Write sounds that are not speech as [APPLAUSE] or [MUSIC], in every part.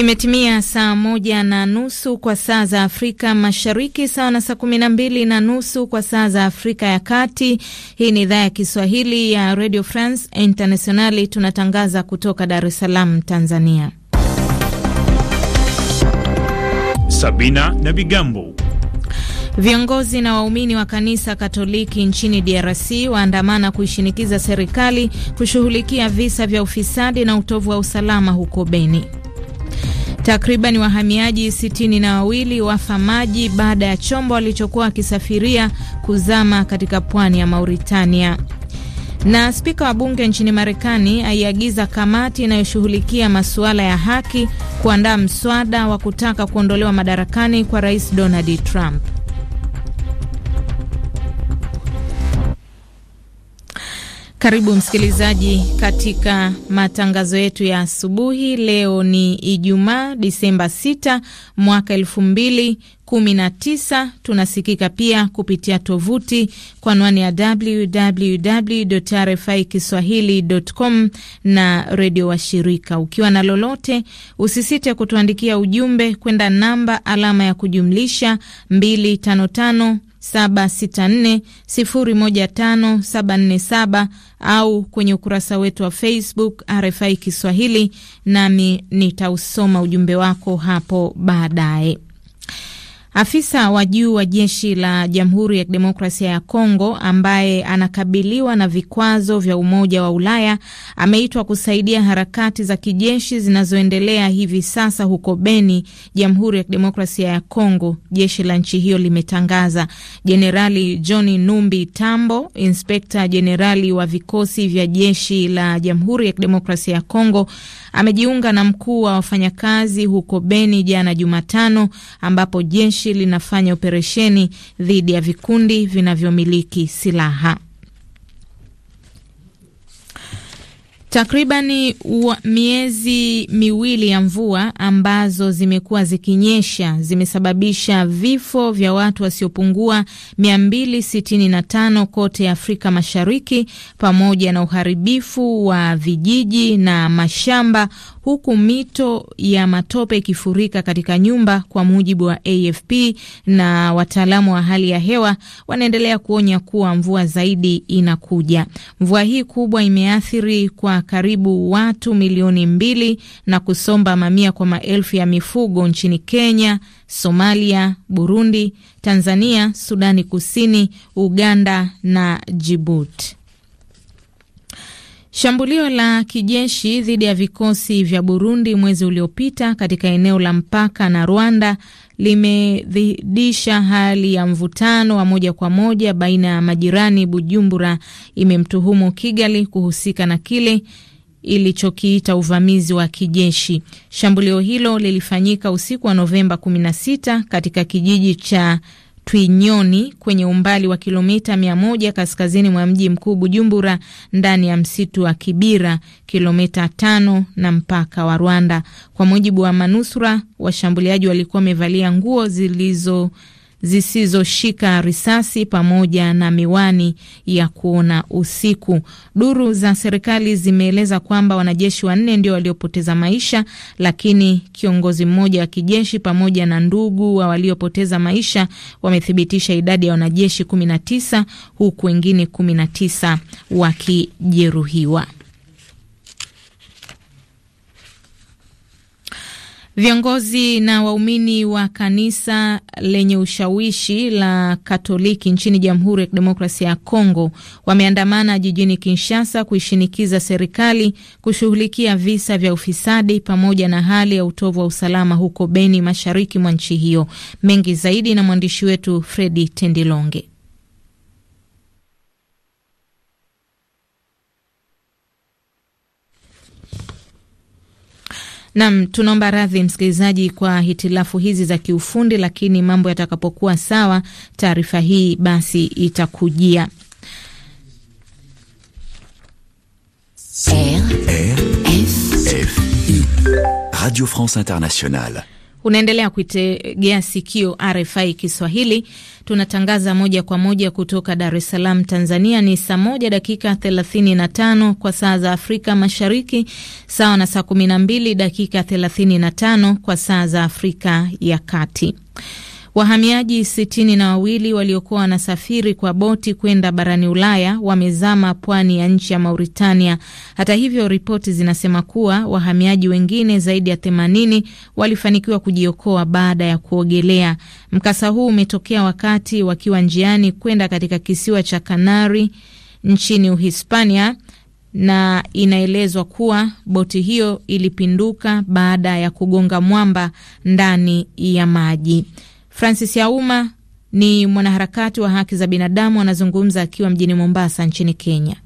Imetimia saa moja na nusu kwa saa za Afrika Mashariki, sawa na saa kumi na mbili na nusu kwa saa za Afrika ya Kati. Hii ni idhaa ya Kiswahili ya Radio France Internationali, tunatangaza kutoka Dar es Salaam, Tanzania. Sabina na Bigambo. Viongozi na waumini wa kanisa Katoliki nchini DRC waandamana kuishinikiza serikali kushughulikia visa vya ufisadi na utovu wa usalama huko Beni. Takriban wahamiaji sitini na wawili wafa maji baada ya chombo walichokuwa wakisafiria kuzama katika pwani ya Mauritania. Na spika wa bunge nchini Marekani aiagiza kamati inayoshughulikia masuala ya haki kuandaa mswada wa kutaka kuondolewa madarakani kwa Rais Donald Trump. Karibu msikilizaji katika matangazo yetu ya asubuhi. Leo ni Ijumaa, Disemba 6 mwaka 2019. Tunasikika pia kupitia tovuti kwa anwani ya www RFI kiswahili.com na redio wa shirika Ukiwa na lolote, usisite kutuandikia ujumbe kwenda namba alama ya kujumlisha 255 764015747 au kwenye ukurasa wetu wa Facebook RFI Kiswahili, nami nitausoma ujumbe wako hapo baadaye. Afisa wa juu wa jeshi la Jamhuri ya Kidemokrasia ya Kongo ambaye anakabiliwa na vikwazo vya Umoja wa Ulaya ameitwa kusaidia harakati za kijeshi zinazoendelea hivi sasa huko Beni, Jamhuri ya Kidemokrasia ya Kongo, jeshi la nchi hiyo limetangaza. Jenerali John Numbi Tambo, inspekta jenerali wa vikosi vya jeshi la Jamhuri ya Kidemokrasia ya Kongo, amejiunga na mkuu wa wafanyakazi huko Beni jana Jumatano, ambapo jeshi jeshi linafanya operesheni dhidi ya vikundi vinavyomiliki silaha. Takribani miezi miwili ya mvua ambazo zimekuwa zikinyesha zimesababisha vifo vya watu wasiopungua 265 kote Afrika Mashariki pamoja na uharibifu wa vijiji na mashamba huku mito ya matope ikifurika katika nyumba, kwa mujibu wa AFP, na wataalamu wa hali ya hewa wanaendelea kuonya kuwa mvua zaidi inakuja. Mvua hii kubwa imeathiri kwa karibu watu milioni mbili na kusomba mamia kwa maelfu ya mifugo nchini Kenya, Somalia, Burundi, Tanzania, Sudani Kusini, Uganda na Jibuti. Shambulio la kijeshi dhidi ya vikosi vya Burundi mwezi uliopita katika eneo la mpaka na Rwanda limedhidisha hali ya mvutano wa moja kwa moja baina ya majirani. Bujumbura imemtuhumu Kigali kuhusika na kile ilichokiita uvamizi wa kijeshi. Shambulio hilo lilifanyika usiku wa Novemba 16 katika kijiji cha Twinyoni kwenye umbali wa kilomita mia moja kaskazini mwa mji mkuu Bujumbura, ndani ya msitu wa Kibira, kilomita tano na mpaka wa Rwanda. Kwa mujibu wa manusura, washambuliaji walikuwa wamevalia nguo zilizo zisizoshika risasi pamoja na miwani ya kuona usiku. Duru za serikali zimeeleza kwamba wanajeshi wanne ndio waliopoteza maisha, lakini kiongozi mmoja wa kijeshi pamoja na ndugu wa waliopoteza maisha wamethibitisha idadi ya wanajeshi 19 huku wengine 19 wakijeruhiwa. Viongozi na waumini wa kanisa lenye ushawishi la Katoliki nchini Jamhuri ya Kidemokrasia ya Kongo wameandamana jijini Kinshasa kuishinikiza serikali kushughulikia visa vya ufisadi pamoja na hali ya utovu wa usalama huko Beni, mashariki mwa nchi hiyo. Mengi zaidi na mwandishi wetu Fredi Tendilonge. Nam, tunaomba radhi msikilizaji kwa hitilafu hizi za kiufundi, lakini mambo yatakapokuwa sawa, taarifa hii basi itakujia. Radio France Internationale. Unaendelea kuitegea sikio RFI Kiswahili, tunatangaza moja kwa moja kutoka Dar es Salaam, Tanzania. Ni saa moja dakika 35 kwa saa za Afrika Mashariki, sawa na saa 12 dakika 35 kwa saa za Afrika ya Kati. Wahamiaji sitini na wawili waliokuwa wanasafiri kwa boti kwenda barani Ulaya wamezama pwani ya nchi ya Mauritania. Hata hivyo, ripoti zinasema kuwa wahamiaji wengine zaidi ya themanini walifanikiwa kujiokoa baada ya kuogelea. Mkasa huu umetokea wakati wakiwa njiani kwenda katika kisiwa cha Kanari nchini Uhispania na inaelezwa kuwa boti hiyo ilipinduka baada ya kugonga mwamba ndani ya maji. Francis Yauma ni mwanaharakati wa haki za binadamu, anazungumza akiwa mjini Mombasa nchini Kenya.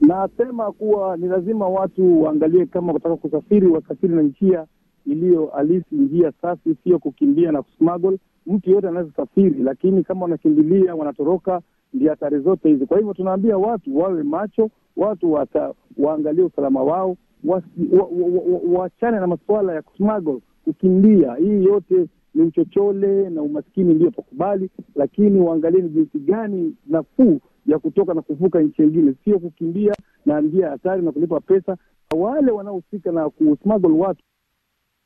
Nasema kuwa ni lazima watu waangalie kama wataka kusafiri, wasafiri na njia iliyo halisi, njia safi, sio kukimbia na kusmuggle. Mtu yoyote anaweza safiri, lakini kama wanakimbilia, wanatoroka, ndio hatari zote hizi. Kwa hivyo tunaambia watu wawe macho, watu wata, waangalie usalama wao, wachane wa, wa, wa, wa na masuala ya kusmuggle kukimbia. Hii yote ni uchochole na umaskini ndio pakubali, lakini ni jinsi gani nafuu ya kutoka na kuvuka nchi nyingine, sio kukimbia na njia ya hatari na kulipa pesa. Wale wanaohusika na kusmuggle watu,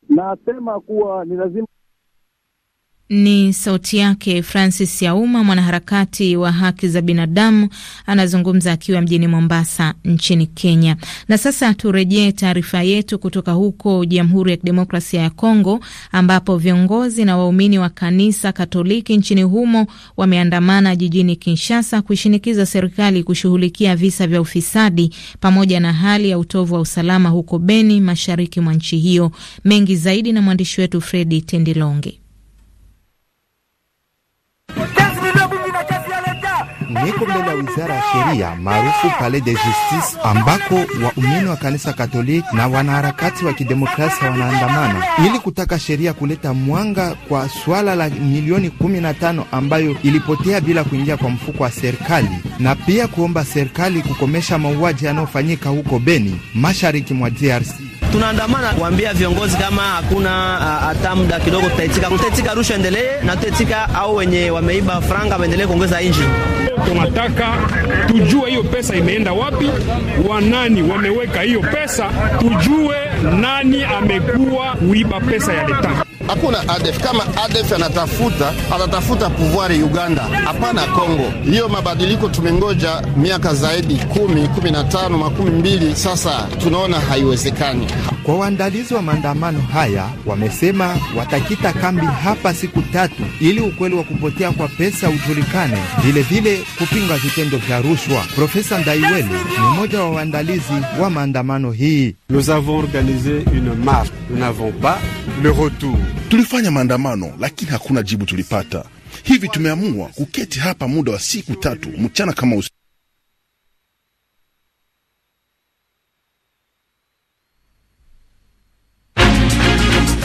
nasema kuwa ni lazima ni sauti yake Francis Yauma, mwanaharakati wa haki za binadamu, anazungumza akiwa mjini Mombasa nchini Kenya. Na sasa turejee taarifa yetu kutoka huko Jamhuri ya Kidemokrasia ya Kongo, ambapo viongozi na waumini wa kanisa Katoliki nchini humo wameandamana jijini Kinshasa kuishinikiza serikali kushughulikia visa vya ufisadi pamoja na hali ya utovu wa usalama huko Beni, mashariki mwa nchi hiyo. Mengi zaidi na mwandishi wetu Fredi Tendilonge. niko mbele ya wizara ya sheria maarufu Palais de Justice, ambako waumini wa kanisa Katoliki na wanaharakati wa kidemokrasia wanaandamana ili kutaka sheria kuleta mwanga kwa swala la milioni kumi na tano ambayo ilipotea bila kuingia kwa mfuko wa serikali na pia kuomba serikali kukomesha mauaji yanayofanyika huko Beni, mashariki mwa DRC. Tunaandamana kuambia viongozi kama hakuna ah, hata muda kidogo, tutaitika tutaitika, rushwa endelee na tutaitika, au wenye wameiba franga waendelee kuongeza injini tunataka tujue hiyo pesa imeenda wapi, wanani wameweka hiyo pesa, tujue nani amekuwa kuiba pesa ya leta hakuna ADF. Kama ADF anatafuta anatafuta pouvoir Uganda, hapana Kongo. Hiyo mabadiliko tumengoja miaka zaidi kumi, kumi na tano, makumi mbili, sasa tunaona haiwezekani. Kwa waandalizi wa maandamano haya wamesema watakita kambi hapa siku tatu ili ukweli wa kupotea kwa pesa ujulikane, vilevile kupinga vitendo vya rushwa. Profesa Ndaiweli ni mmoja wa waandalizi wa maandamano hii. Nous avons une marche, nous n'avons pas le retour Tulifanya maandamano lakini hakuna jibu tulipata. Hivi tumeamua kuketi hapa muda wa siku tatu mchana kama usiku.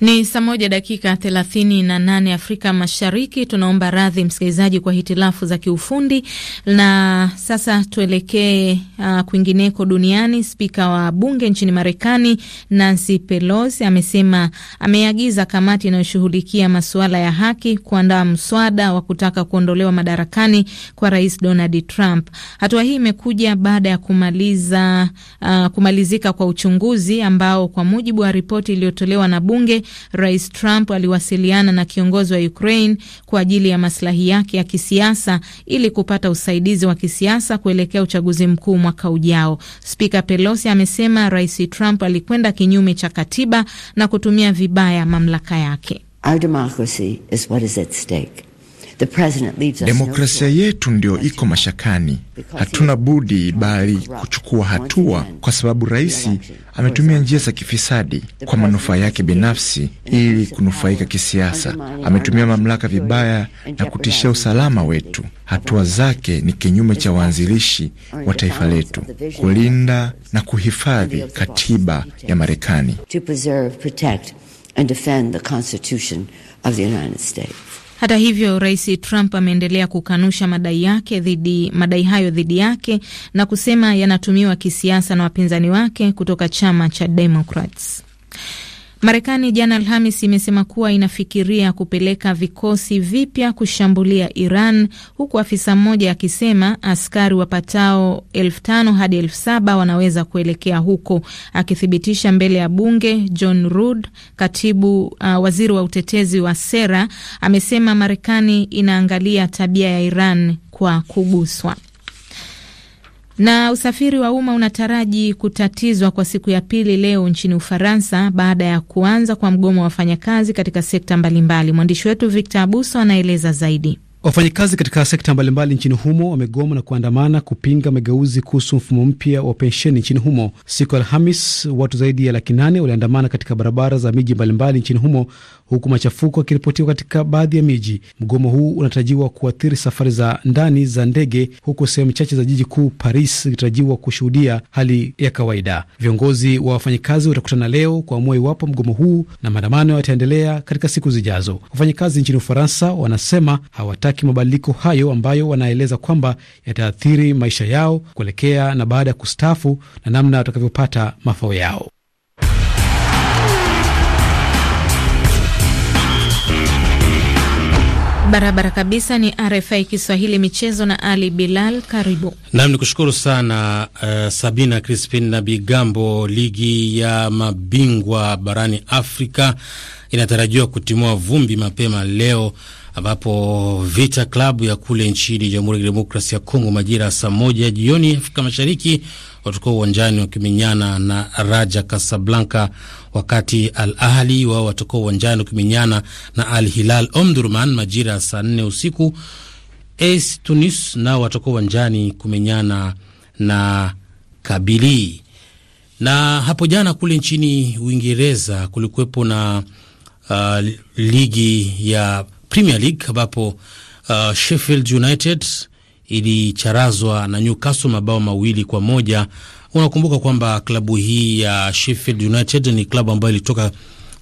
Ni saa moja dakika thelathini na nane Afrika Mashariki. Tunaomba radhi msikilizaji kwa hitilafu za kiufundi. Na sasa tuelekee uh, kwingineko duniani. Spika wa bunge nchini Marekani Nancy Pelosi amesema ameagiza kamati inayoshughulikia masuala ya haki kuandaa mswada wa kutaka kuondolewa madarakani kwa Rais Donald Trump. Hatua hii imekuja baada ya kumaliza uh, kumalizika kwa uchunguzi ambao kwa mujibu wa ripoti iliyotolewa na bunge Rais Trump aliwasiliana na kiongozi wa Ukraine kwa ajili ya maslahi yake ya kisiasa ili kupata usaidizi wa kisiasa kuelekea uchaguzi mkuu mwaka ujao. Spika Pelosi amesema Rais Trump alikwenda kinyume cha katiba na kutumia vibaya mamlaka yake. Our democracy is what is at stake. Demokrasia yetu ndio iko mashakani. Hatuna budi bali kuchukua hatua, kwa sababu rais ametumia njia za kifisadi kwa manufaa yake binafsi ili kunufaika kisiasa. Ametumia mamlaka vibaya na kutishia usalama wetu. Hatua zake ni kinyume cha waanzilishi wa taifa letu, kulinda na kuhifadhi katiba ya Marekani. Hata hivyo, Rais Trump ameendelea kukanusha madai yake dhidi, madai hayo dhidi yake na kusema yanatumiwa kisiasa na wapinzani wake kutoka chama cha Democrats. Marekani jana Alhamis imesema kuwa inafikiria kupeleka vikosi vipya kushambulia Iran, huku afisa mmoja akisema askari wapatao elfu tano hadi elfu saba wanaweza kuelekea huko. Akithibitisha mbele ya bunge, John Rud, katibu uh, waziri wa utetezi wa sera, amesema Marekani inaangalia tabia ya Iran kwa kuguswa. Na usafiri wa umma unataraji kutatizwa kwa siku ya pili leo nchini Ufaransa baada ya kuanza kwa mgomo wa wafanyakazi katika sekta mbalimbali. Mwandishi wetu Victor Abuso anaeleza zaidi. Wafanyakazi katika sekta mbalimbali nchini humo wamegoma na kuandamana kupinga mageuzi kuhusu mfumo mpya wa pensheni nchini humo. Siku ya Alhamis, watu zaidi ya laki nane waliandamana katika barabara za miji mbalimbali nchini humo, huku machafuko yakiripotiwa katika baadhi ya miji. Mgomo huu unatarajiwa kuathiri safari za ndani za ndege, huku sehemu chache za jiji kuu Paris ikitarajiwa kushuhudia hali ya kawaida. Viongozi wa wafanyakazi watakutana leo kuamua iwapo mgomo huu na maandamano yataendelea katika siku zijazo. Wafanyakazi nchini Ufaransa wanasema hawataki wanataki mabadiliko hayo ambayo wanaeleza kwamba yataathiri maisha yao kuelekea na baada ya kustafu na namna watakavyopata mafao yao. Barabara kabisa. Ni RFI Kiswahili michezo na Ali Bilal, karibu nam. Ni kushukuru sana uh, Sabina Crispin na Bigambo. Ligi ya mabingwa barani Afrika inatarajiwa kutimua vumbi mapema leo ambapo Vita Klabu ya kule nchini Jamhuri ya Kidemokrasia ya Kongo majira ya saa moja jioni Afrika Mashariki watakuwa uwanjani wakimenyana na Raja Kasablanka, wakati Al Ahli wao watakuwa uwanjani wakimenyana na Al Hilal Omdurman majira ya saa nne usiku. AS Tunis nao watakuwa uwanjani kumenyana na Kabili. Na hapo jana kule nchini Uingereza kulikuwepo na uh, ligi ya Premier League ambapo uh, Sheffield United ilicharazwa na Newcastle mabao mawili kwa moja. Unakumbuka kwamba klabu hii ya Sheffield United ni klabu ambayo ilitoka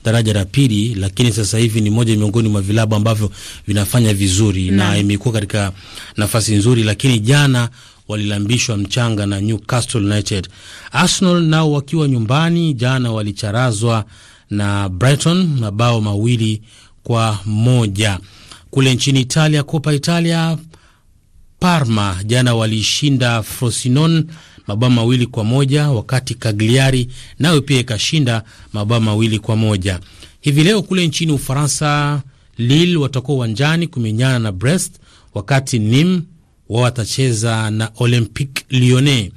daraja la pili, lakini sasa hivi ni moja miongoni mwa vilabu ambavyo vinafanya vizuri na, na imekuwa katika nafasi nzuri, lakini jana walilambishwa mchanga na Newcastle United. Arsenal nao wakiwa nyumbani jana walicharazwa na Brighton mabao mawili kwa moja. Kule nchini Italia, Kopa Italia, Parma jana waliishinda Frosinone mabao mawili kwa moja, wakati Kagliari nayo pia ikashinda mabao mawili kwa moja. Hivi leo kule nchini Ufaransa, Lille watakuwa uwanjani kumenyana na Brest, wakati Nim wao watacheza na Olympique Lyonnais.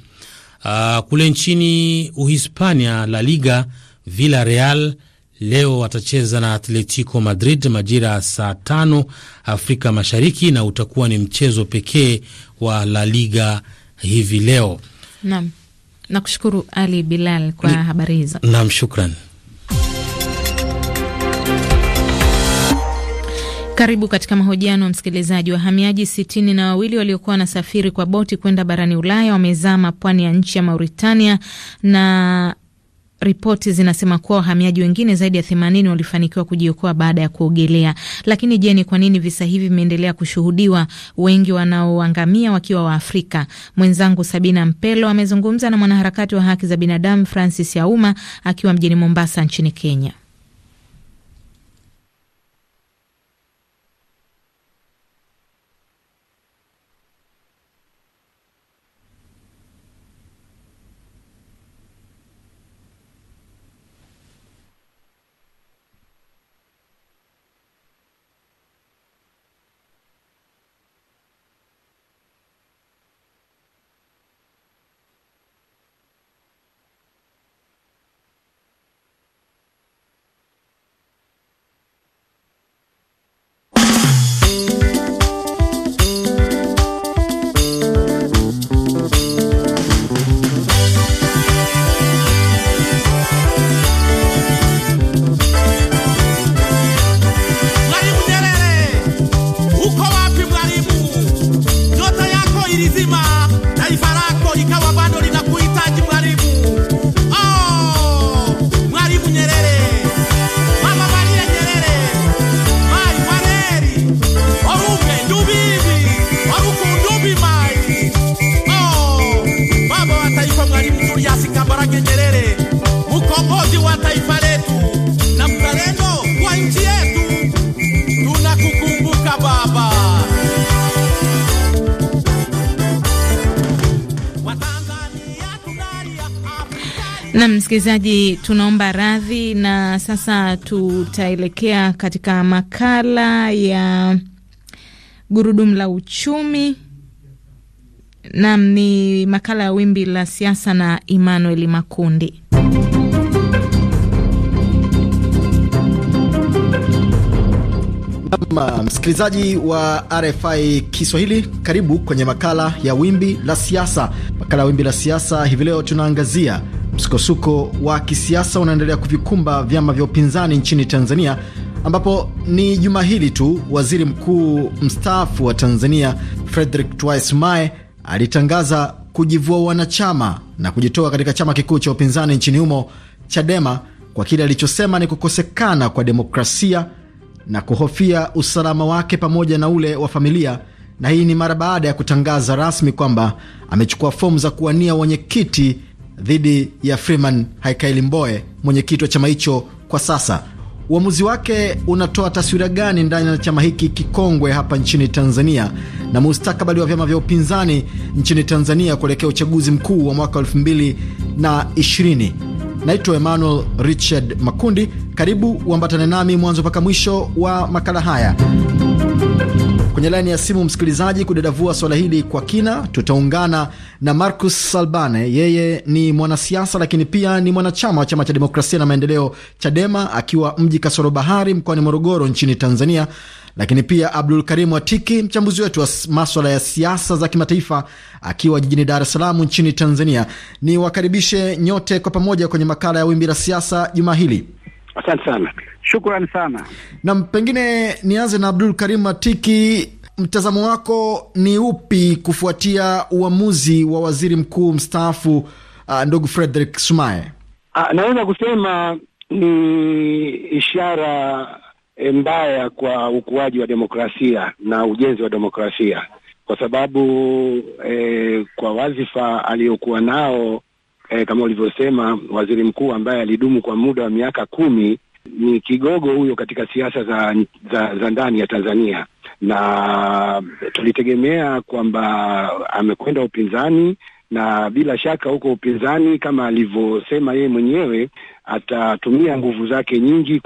Uh, kule nchini Uhispania, La Liga, Villarreal leo watacheza na Atletico Madrid majira ya saa tano Afrika Mashariki, na utakuwa ni mchezo pekee wa La Liga hivi leo. Naam, nakushukuru Ali Bilal kwa habari hizo. Naam, shukran. Karibu katika mahojiano ya msikilizaji. Wahamiaji sitini na wawili waliokuwa wanasafiri kwa boti kwenda barani Ulaya wamezama pwani ya nchi ya Mauritania na Ripoti zinasema kuwa wahamiaji wengine zaidi ya themanini walifanikiwa kujiokoa baada ya kuogelea. Lakini je, ni kwa nini visa hivi vimeendelea kushuhudiwa, wengi wanaoangamia wakiwa Waafrika? Mwenzangu Sabina Mpelo amezungumza na mwanaharakati wa haki za binadamu Francis Yauma akiwa mjini Mombasa nchini Kenya. Na msikilizaji, tunaomba radhi, na sasa tutaelekea katika makala ya gurudumu la uchumi. Nam, ni makala ya wimbi la siasa na Emmanuel Makundi. msikilizaji wa RFI Kiswahili, karibu kwenye makala ya wimbi la siasa. Makala ya wimbi la siasa hivi leo tunaangazia Msukosuko wa kisiasa unaendelea kuvikumba vyama vya upinzani nchini Tanzania ambapo ni juma hili tu waziri mkuu mstaafu wa Tanzania Frederick twis Mae alitangaza kujivua wanachama na kujitoa katika chama kikuu cha upinzani nchini humo Chadema kwa kile alichosema ni kukosekana kwa demokrasia na kuhofia usalama wake pamoja na ule wa familia. Na hii ni mara baada ya kutangaza rasmi kwamba amechukua fomu za kuwania wenyekiti dhidi ya Freeman Haikaili Mboe, mwenyekiti wa chama hicho kwa sasa. Uamuzi wake unatoa taswira gani ndani ya chama hiki kikongwe hapa nchini Tanzania na mustakabali wa vyama vya upinzani nchini Tanzania kuelekea uchaguzi mkuu wa mwaka 2020? Naitwa Emmanuel Richard Makundi. Karibu uambatane nami mwanzo mpaka mwisho wa makala haya kwenye laini ya simu msikilizaji, kudadavua swala hili kwa kina, tutaungana na Marcus Salbane. Yeye ni mwanasiasa lakini pia ni mwanachama wa chama cha demokrasia na maendeleo Chadema, akiwa mji kasoro bahari mkoani Morogoro nchini Tanzania, lakini pia Abdul karimu Watiki, mchambuzi wetu wa maswala ya siasa za kimataifa, akiwa jijini Dar es Salaam nchini Tanzania. Ni wakaribishe nyote kwa pamoja kwenye makala ya wimbi la siasa jumaa hili. Asante sana, shukrani sana. Nam, pengine nianze na Abdul Karim Matiki mtazamo wako ni upi kufuatia uamuzi wa waziri mkuu mstaafu uh, ndugu Frederick Sumaye? Ah, naweza kusema ni ishara eh, mbaya kwa ukuaji wa demokrasia na ujenzi wa demokrasia kwa sababu eh, kwa wadhifa aliyokuwa nao eh, kama ulivyosema waziri mkuu ambaye alidumu kwa muda wa miaka kumi, ni kigogo huyo katika siasa za, za, za ndani ya Tanzania na tulitegemea kwamba amekwenda upinzani na bila shaka huko upinzani, kama alivyosema yeye mwenyewe, atatumia nguvu zake nyingi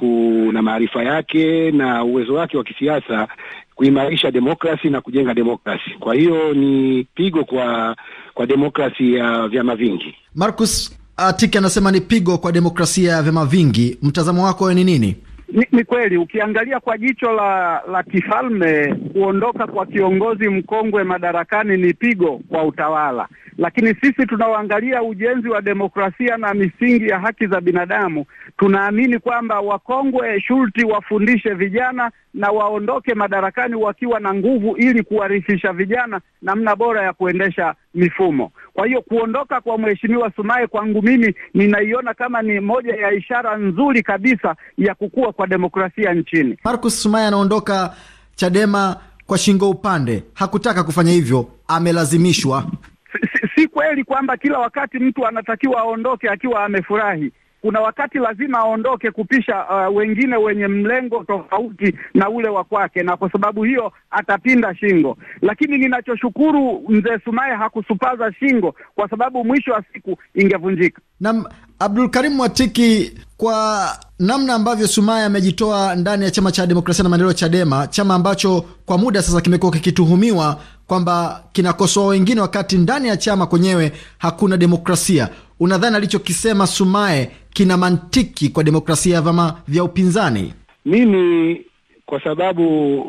na maarifa yake na uwezo wake wa kisiasa kuimarisha demokrasi na kujenga demokrasi. Kwa hiyo ni pigo kwa kwa demokrasi ya vyama vingi. Marcus Atiki anasema ni pigo kwa demokrasia ya vyama vingi. Mtazamo wako ni nini? Ni, ni kweli ukiangalia kwa jicho la la kifalme, kuondoka kwa kiongozi mkongwe madarakani ni pigo kwa utawala, lakini sisi tunaoangalia ujenzi wa demokrasia na misingi ya haki za binadamu tunaamini kwamba wakongwe shurti wafundishe vijana na waondoke madarakani wakiwa na nguvu, ili kuwarithisha vijana namna bora ya kuendesha mifumo. Kwa hiyo kuondoka kwa mheshimiwa Sumaye kwangu mimi ninaiona kama ni moja ya ishara nzuri kabisa ya kukua kwa demokrasia nchini. Marcus Sumaya anaondoka Chadema kwa shingo upande, hakutaka kufanya hivyo, amelazimishwa. Si, si, si kweli kwamba kila wakati mtu anatakiwa aondoke akiwa amefurahi kuna wakati lazima aondoke kupisha uh, wengine wenye mlengo tofauti na ule wa kwake, na kwa sababu hiyo atapinda shingo. Lakini ninachoshukuru mzee Sumaye hakusupaza shingo, kwa sababu mwisho wa siku ingevunjika. Naam, Abdul Karim Watiki, kwa namna ambavyo Sumaye amejitoa ndani ya chama cha demokrasia na maendeleo Chadema, chama ambacho kwa muda sasa kimekuwa kikituhumiwa kwamba kinakosoa wengine, wakati ndani ya chama kwenyewe hakuna demokrasia, unadhani alichokisema Sumaye kina mantiki kwa demokrasia ya vyama vya upinzani? Mimi kwa sababu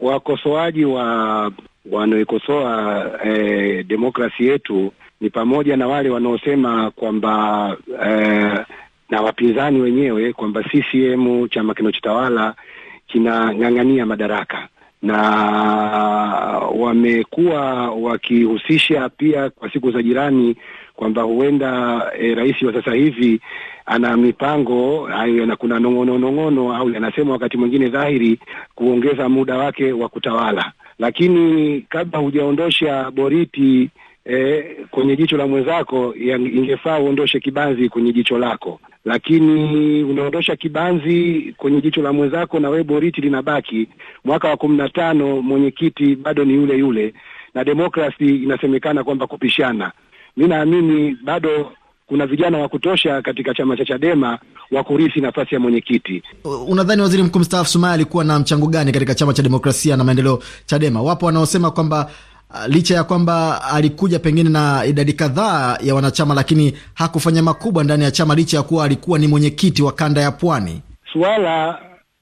wakosoaji wa wanaoikosoa eh, demokrasi yetu ni pamoja na wale wanaosema kwamba eh, na wapinzani wenyewe kwamba CCM chama kinachotawala kinang'ang'ania madaraka, na wamekuwa wakihusisha pia kwa siku za jirani kwamba huenda e, rais wa sasa hivi ana mipango hayo, kuna nong'ono nong'ono, au yanasema wakati mwingine dhahiri, kuongeza muda wake wa kutawala, lakini kabla hujaondosha boriti E, kwenye jicho la mwenzako ingefaa uondoshe kibanzi kwenye jicho lako, lakini unaondosha kibanzi kwenye jicho la mwenzako na wewe boriti linabaki. Mwaka wa kumi na tano mwenyekiti bado ni yule yule, na demokrasi inasemekana kwamba kupishana mi naamini bado kuna vijana wa kutosha katika chama cha Chadema wa kurithi nafasi ya mwenyekiti. Unadhani waziri mkuu mstaafu Sumaye alikuwa na mchango gani katika chama cha demokrasia na maendeleo Chadema? Wapo wanaosema kwamba uh, licha ya kwamba alikuja pengine na idadi kadhaa ya wanachama, lakini hakufanya makubwa ndani ya chama, licha ya kuwa alikuwa ni mwenyekiti wa kanda ya Pwani. Suala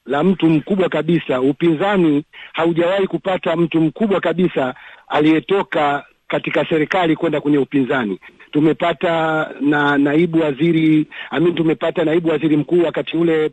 la mtu mkubwa kabisa, upinzani haujawahi kupata mtu mkubwa kabisa aliyetoka katika serikali kwenda kwenye upinzani. Tumepata na naibu waziri amini tumepata naibu waziri mkuu wakati ule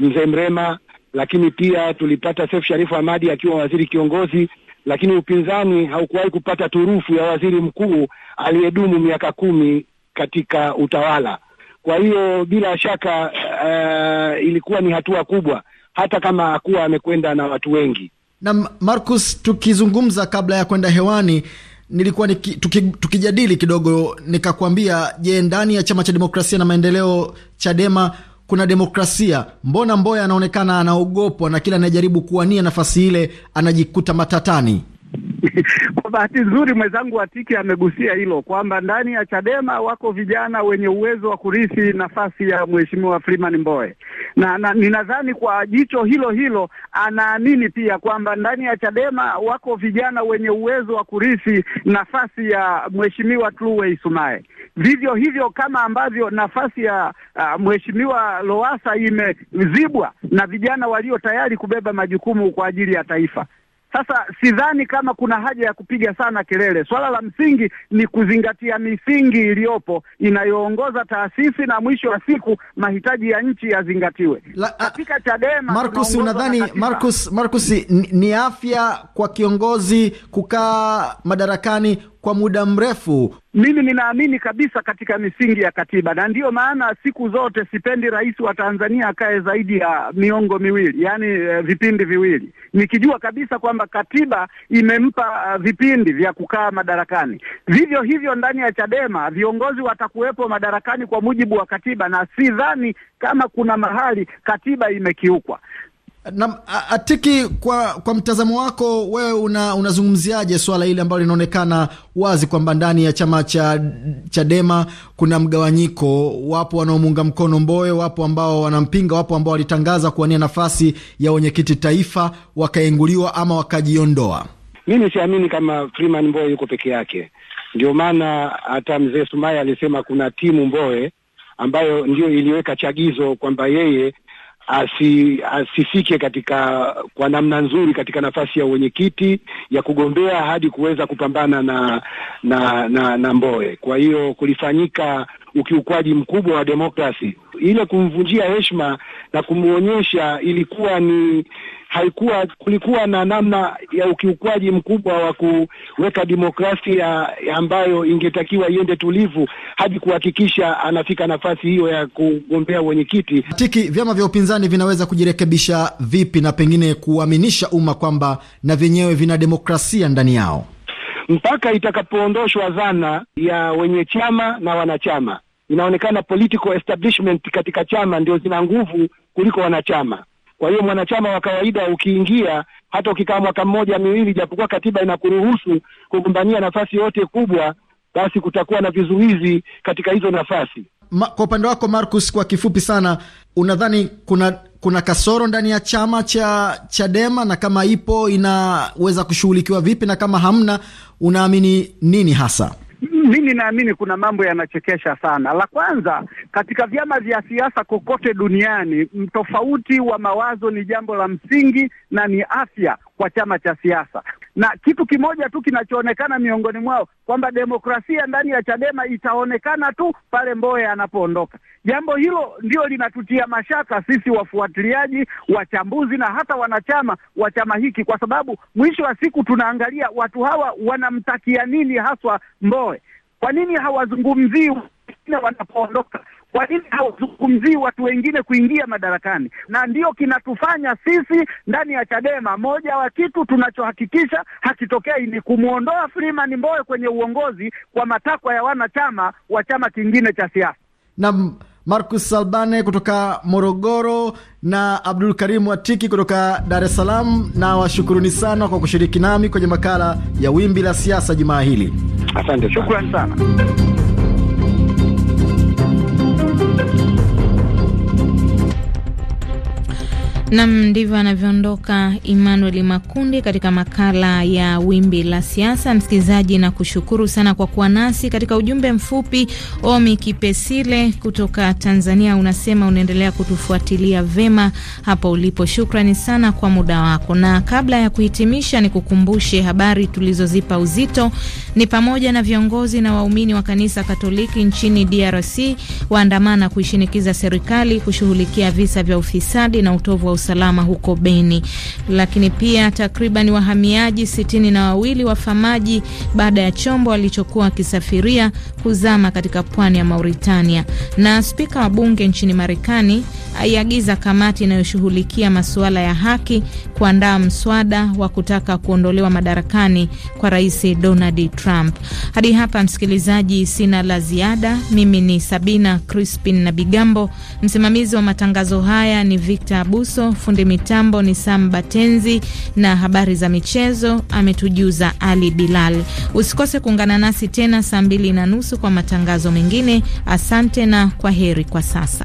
mzee Mrema, lakini pia tulipata Seif sharifu Hamadi akiwa waziri kiongozi, lakini upinzani haukuwahi kupata turufu ya waziri mkuu aliyedumu miaka kumi katika utawala. Kwa hiyo bila shaka uh, ilikuwa ni hatua kubwa, hata kama akuwa amekwenda na watu wengi. Na Marcus, tukizungumza kabla ya kwenda hewani nilikuwa niki, tuki, tukijadili kidogo nikakwambia, je, ndani ya chama cha demokrasia na maendeleo Chadema kuna demokrasia? Mbona Mboya anaonekana anaogopwa na kila anayejaribu kuwania nafasi ile anajikuta matatani. [LAUGHS] Kwa bahati nzuri mwenzangu Atiki amegusia hilo kwamba ndani ya Chadema wako vijana wenye uwezo wa kurithi nafasi ya Mheshimiwa Freeman Mbowe, na, na ninadhani kwa jicho hilo hilo anaamini pia kwamba ndani ya Chadema wako vijana wenye uwezo wa kurithi nafasi ya Mheshimiwa Tuwe Sumaye, vivyo hivyo kama ambavyo nafasi ya uh, Mheshimiwa Lowassa imezibwa na vijana walio tayari kubeba majukumu kwa ajili ya taifa. Sasa sidhani kama kuna haja ya kupiga sana kelele. Swala la msingi ni kuzingatia misingi iliyopo inayoongoza taasisi na mwisho wa siku mahitaji ya nchi yazingatiwe katika Chadema. Marcus, unadhani Marcus, Marcus ni, ni afya kwa kiongozi kukaa madarakani kwa muda mrefu. Mimi ninaamini kabisa katika misingi ya katiba, na ndiyo maana siku zote sipendi rais wa Tanzania akae zaidi ya miongo miwili, yaani uh, vipindi viwili, nikijua kabisa kwamba katiba imempa eh, vipindi vya kukaa madarakani. Vivyo hivyo ndani ya Chadema viongozi watakuwepo madarakani kwa mujibu wa katiba, na si dhani kama kuna mahali katiba imekiukwa. Na Atiki, kwa, kwa mtazamo wako wewe una, unazungumziaje swala hili ambalo linaonekana wazi kwamba ndani ya chama cha Chadema kuna mgawanyiko? Wapo wanaomuunga mkono mboe wapo ambao wanampinga, wapo ambao walitangaza kuwania nafasi ya wenyekiti taifa wakaenguliwa ama wakajiondoa. Mimi siamini kama Freeman Mboe yuko peke yake, ndio maana hata mzee Sumaya alisema kuna timu mboe ambayo ndio iliweka chagizo kwamba yeye asi, asifike katika kwa namna nzuri katika nafasi ya uwenyekiti ya kugombea hadi kuweza kupambana na na na, na Mboe. Kwa hiyo kulifanyika ukiukwaji mkubwa wa demokrasi. Ile kumvunjia heshima na kumwonyesha ilikuwa ni haikuwa, kulikuwa na namna ya ukiukwaji mkubwa wa kuweka demokrasia ambayo ingetakiwa iende tulivu hadi kuhakikisha anafika nafasi hiyo ya kugombea mwenyekiti. Tiki, vyama vya upinzani vinaweza kujirekebisha vipi na pengine kuaminisha umma kwamba na vyenyewe vina demokrasia ndani yao mpaka itakapoondoshwa dhana ya wenye chama na wanachama. Inaonekana political establishment katika chama ndio zina nguvu kuliko wanachama. Kwa hiyo mwanachama wa kawaida ukiingia, hata ukikaa mwaka mmoja miwili, japokuwa katiba inakuruhusu kugombania nafasi yote kubwa, basi kutakuwa na vizuizi katika hizo nafasi. Ma, kwa upande wako Marcus, kwa kifupi sana, unadhani kuna kuna kasoro ndani ya chama cha Chadema, na kama ipo inaweza kushughulikiwa vipi, na kama hamna unaamini nini hasa? mimi naamini kuna mambo yanachekesha sana. La kwanza, katika vyama vya siasa kokote duniani, tofauti wa mawazo ni jambo la msingi na ni afya kwa chama cha siasa na kitu kimoja tu kinachoonekana miongoni mwao kwamba demokrasia ndani ya Chadema itaonekana tu pale mboe anapoondoka. Jambo hilo ndio linatutia mashaka sisi wafuatiliaji, wachambuzi na hata wanachama wa chama hiki, kwa sababu mwisho wa siku tunaangalia watu hawa wanamtakia nini haswa mboe Kwa nini hawazungumzii wengine wanapoondoka? Kwa nini hauzungumzii watu wengine kuingia madarakani? Na ndio kinatufanya sisi ndani ya Chadema, moja wa kitu tunachohakikisha hakitokei ni kumwondoa Freeman Mbowe kwenye uongozi kwa matakwa ya wanachama wa chama kingine cha siasa. Na Marcus Salbane kutoka Morogoro na Abdul Karimu Atiki kutoka Dar es Salaam, na washukuruni sana kwa kushiriki nami kwenye makala ya Wimbi la Siasa jumaa hili. Asante, shukrani sana. Nam, ndivyo anavyoondoka Emmanuel Makundi katika makala ya wimbi la siasa. Msikilizaji, na kushukuru sana kwa kuwa nasi katika ujumbe mfupi. Omi Kipesile kutoka Tanzania unasema unaendelea kutufuatilia vema hapo ulipo, shukrani sana kwa muda wako. Na kabla ya kuhitimisha, ni kukumbushe habari tulizozipa uzito ni pamoja na viongozi na waumini wa kanisa Katoliki nchini DRC waandamana kuishinikiza serikali kushughulikia visa vya ufisadi na utovu usalama huko Beni. Lakini pia takriban wahamiaji sitini na wawili wafamaji baada ya chombo walichokuwa wakisafiria kuzama katika pwani ya Mauritania. Na spika wa bunge nchini Marekani aiagiza kamati inayoshughulikia masuala ya haki kuandaa mswada wa kutaka kuondolewa madarakani kwa Rais Donald Trump. Hadi hapa, msikilizaji, sina la ziada. Mimi ni Sabina Crispin na Bigambo, msimamizi wa matangazo haya ni Victor Abuso. Mwabukuso, fundi mitambo ni Sam Batenzi na habari za michezo ametujuza Ali Bilal. Usikose kuungana nasi tena saa mbili na nusu kwa matangazo mengine. Asante na kwa heri kwa sasa.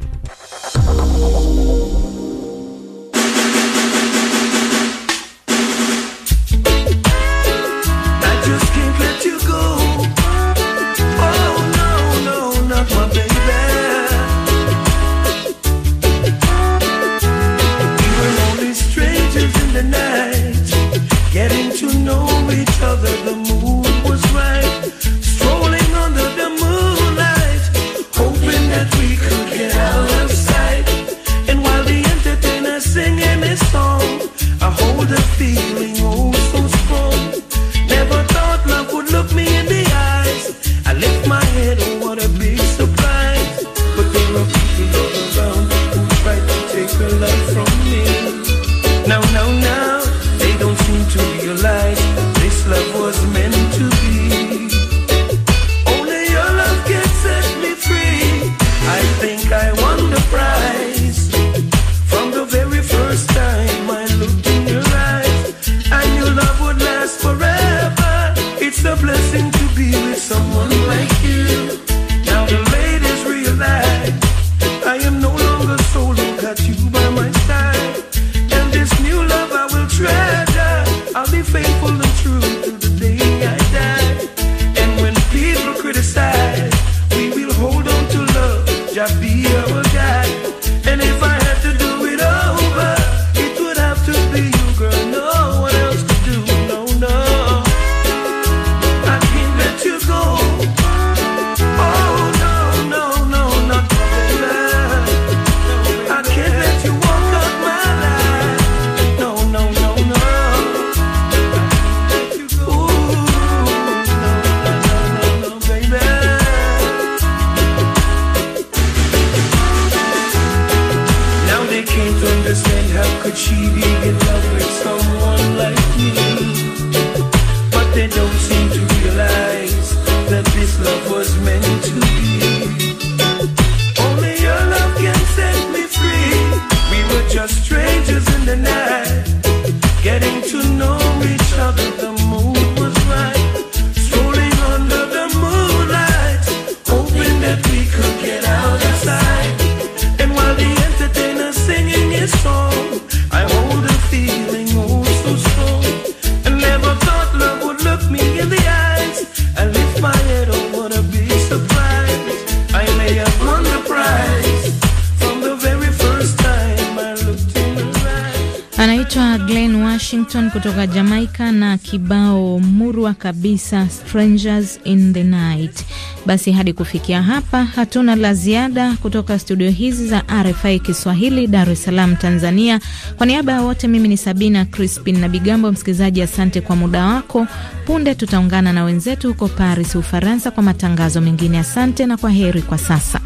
kabisa Strangers in the Night. Basi hadi kufikia hapa, hatuna la ziada kutoka studio hizi za RFI Kiswahili, Dar es Salaam, Tanzania. Kwa niaba ya wote, mimi ni Sabina Crispin na Bigambo. Msikilizaji, asante kwa muda wako. Punde tutaungana na wenzetu huko Paris, Ufaransa, kwa matangazo mengine. Asante na kwa heri kwa sasa.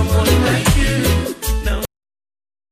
Forever,